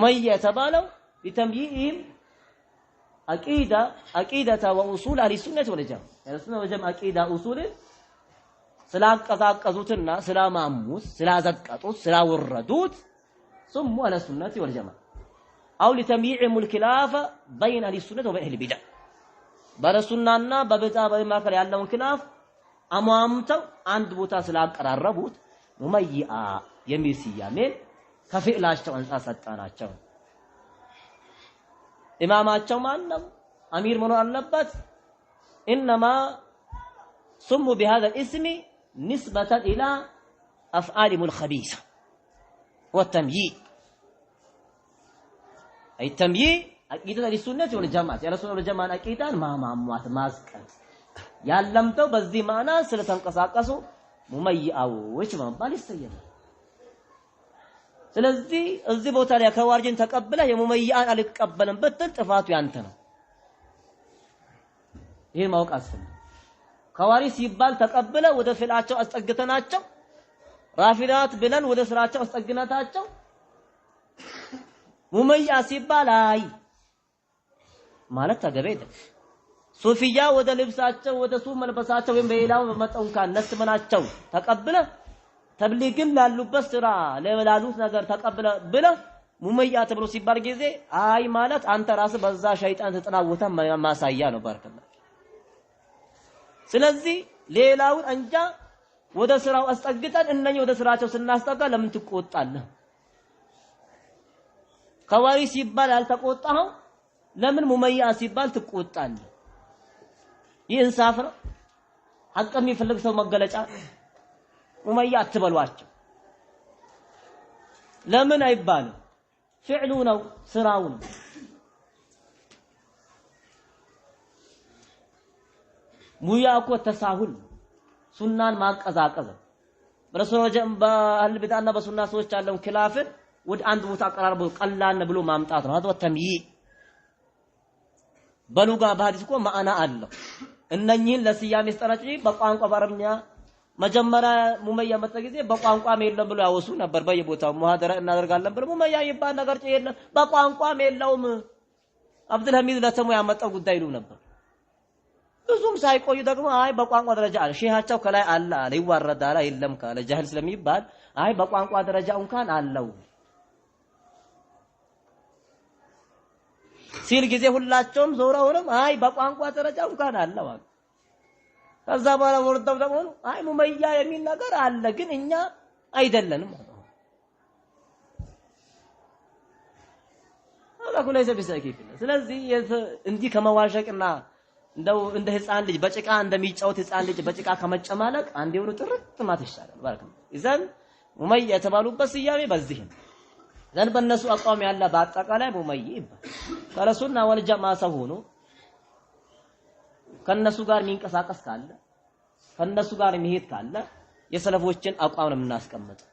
مية تبالو بتمييئهم عقيدة عقيدة وأصول أهل السنة والجماعة أهل السنة والجماعة عقيدة أصول سلا ስላማሙት سلا وردوت ثم أهل السنة والجماعة أو لتمييعهم الخلاف بين أهل السنة وبين أهل البدع በረሱናና በብድዓ መካከል ያለውን ኪላፍ አሟምተው አንድ ቦታ ስላቀራረቡት ሙመይአ የሚል ስያሜን ከፊዕላቸው አንጻር ሰጠናቸው። ኢማማቸው ማን ነው? አሚር መኖር አለበት። ኢነማ ሱሙ ቢሃዛ ልእስሚ ኒስበተን ኢላ አፍዓሊሙ ልከቢሰ ወተምይይ أي التمييز عقيدة أهل السنة والجماعة يا رسول الله الجماعة عقيدة ما معموات مازكت يعلمتو بزي معنا سلة تنقصاقصو مميئة وش ما بالي استيلا ስለዚህ እዚህ ቦታ ላይ ከዋርጅን ተቀብለ የሙመያን አልቀበልም ብትል ጥፋቱ ያንተ ነው። ይህን ማወቅ አስፈል ከዋሪ ሲባል ተቀብለ ወደ ፍላቸው አስጠግተናቸው ራፊዳት ብለን ወደ ስራቸው አስጠግነታቸው ሙመያ ሲባል አይ ማለት ተገቢ አይደለም። ሱፊያ ወደ ልብሳቸው ወደ ሱፍ መልበሳቸው ወይም በሌላው በመጠው ነስመናቸው ተቀብለ ተብሊግም ላሉበት ስራ ላሉት ነገር ተቀብለ ብለ ሙመያ ተብሎ ሲባል ጊዜ አይ ማለት አንተ ራስ በዛ ሸይጣን ተጠናወተ ማሳያ ነው። ባርከላ ስለዚህ ሌላውን እንጃ ወደ ስራው አስጠግጠን እነኚህ ወደ ስራቸው ስናስጠጋ ለምን ትቆጣለህ? ከዋሪ ሲባል ያልተቆጣኸው ለምን ሙመያ ሲባል ትቆጣለህ? ይህ እንሳፍ ነው። ሐቅ የሚፈልግ ሰው መገለጫ ኡመያ አትበሏቸው። ለምን አይባልም? ፊዕሉ ነው፣ ስራው ነው። ሙያ እኮ ተሳሁል ሱናን ማቀዛቀዝ ነው። በአህል ቢድዓና በሱና ሰዎች ያለውን ክላፍን ወደ አንድ ቦታ አቀራርቦ ቀላል ብሎ ማምጣት ነው። ሀዛ ተምይይ በሉጋ በሐዲስ እኮ ማዕና አለው። እነኚህን ለስያሜ ስጠረጭ በቋንቋ በአረብኛ መጀመሪያ ሙመያ መጣ ጊዜ በቋንቋም የለም ብሎ ያወሱ ነበር። በየቦታው ሙሐደራ እናደርጋለን ብሎ ሙመያ ይባል ነገር የለም በቋንቋም የለውም። አብዱልሐሚድ ለተሙ ያመጣው ጉዳይ ይሉ ነበር። ብዙም ሳይቆዩ ደግሞ አይ በቋንቋ ደረጃ አለ ሼሃቸው ከላይ አለ አለ ይዋረዳል የለም ካለ ጃህል ስለሚባል አይ በቋንቋ ደረጃ እንኳን አለው ሲል ጊዜ ሁላቸውም ዞረውንም አይ በቋንቋ ደረጃ እንኳን አለው አሉ። ከዛ በኋላ ወርደው ደግሞ አይ ሙመያ የሚል ነገር አለ፣ ግን እኛ አይደለንም። አላኩ ለይሰ ቢሰቂፍ። ስለዚህ እንዲህ ከመዋሸቅና እንደው እንደ ህፃን ልጅ በጭቃ እንደሚጫወት ህፃን ልጅ በጭቃ ከመጨማለቅ አንድ የሆኑ ጥርት ማለት ይሻላል። ባረከ ኢዘን ሙመይ የተባሉበት ስያሜ በዚህ ነው። ዘን በእነሱ አቋም ያለ በአጠቃላይ ሙመይ ይባል ካለሱና ወልጀማ ሰው ሆኖ ከነሱ ጋር የሚንቀሳቀስ ካለ ከነሱ ጋር የሚሄድ ካለ የሰለፎችን አቋም ነው የምናስቀምጠው።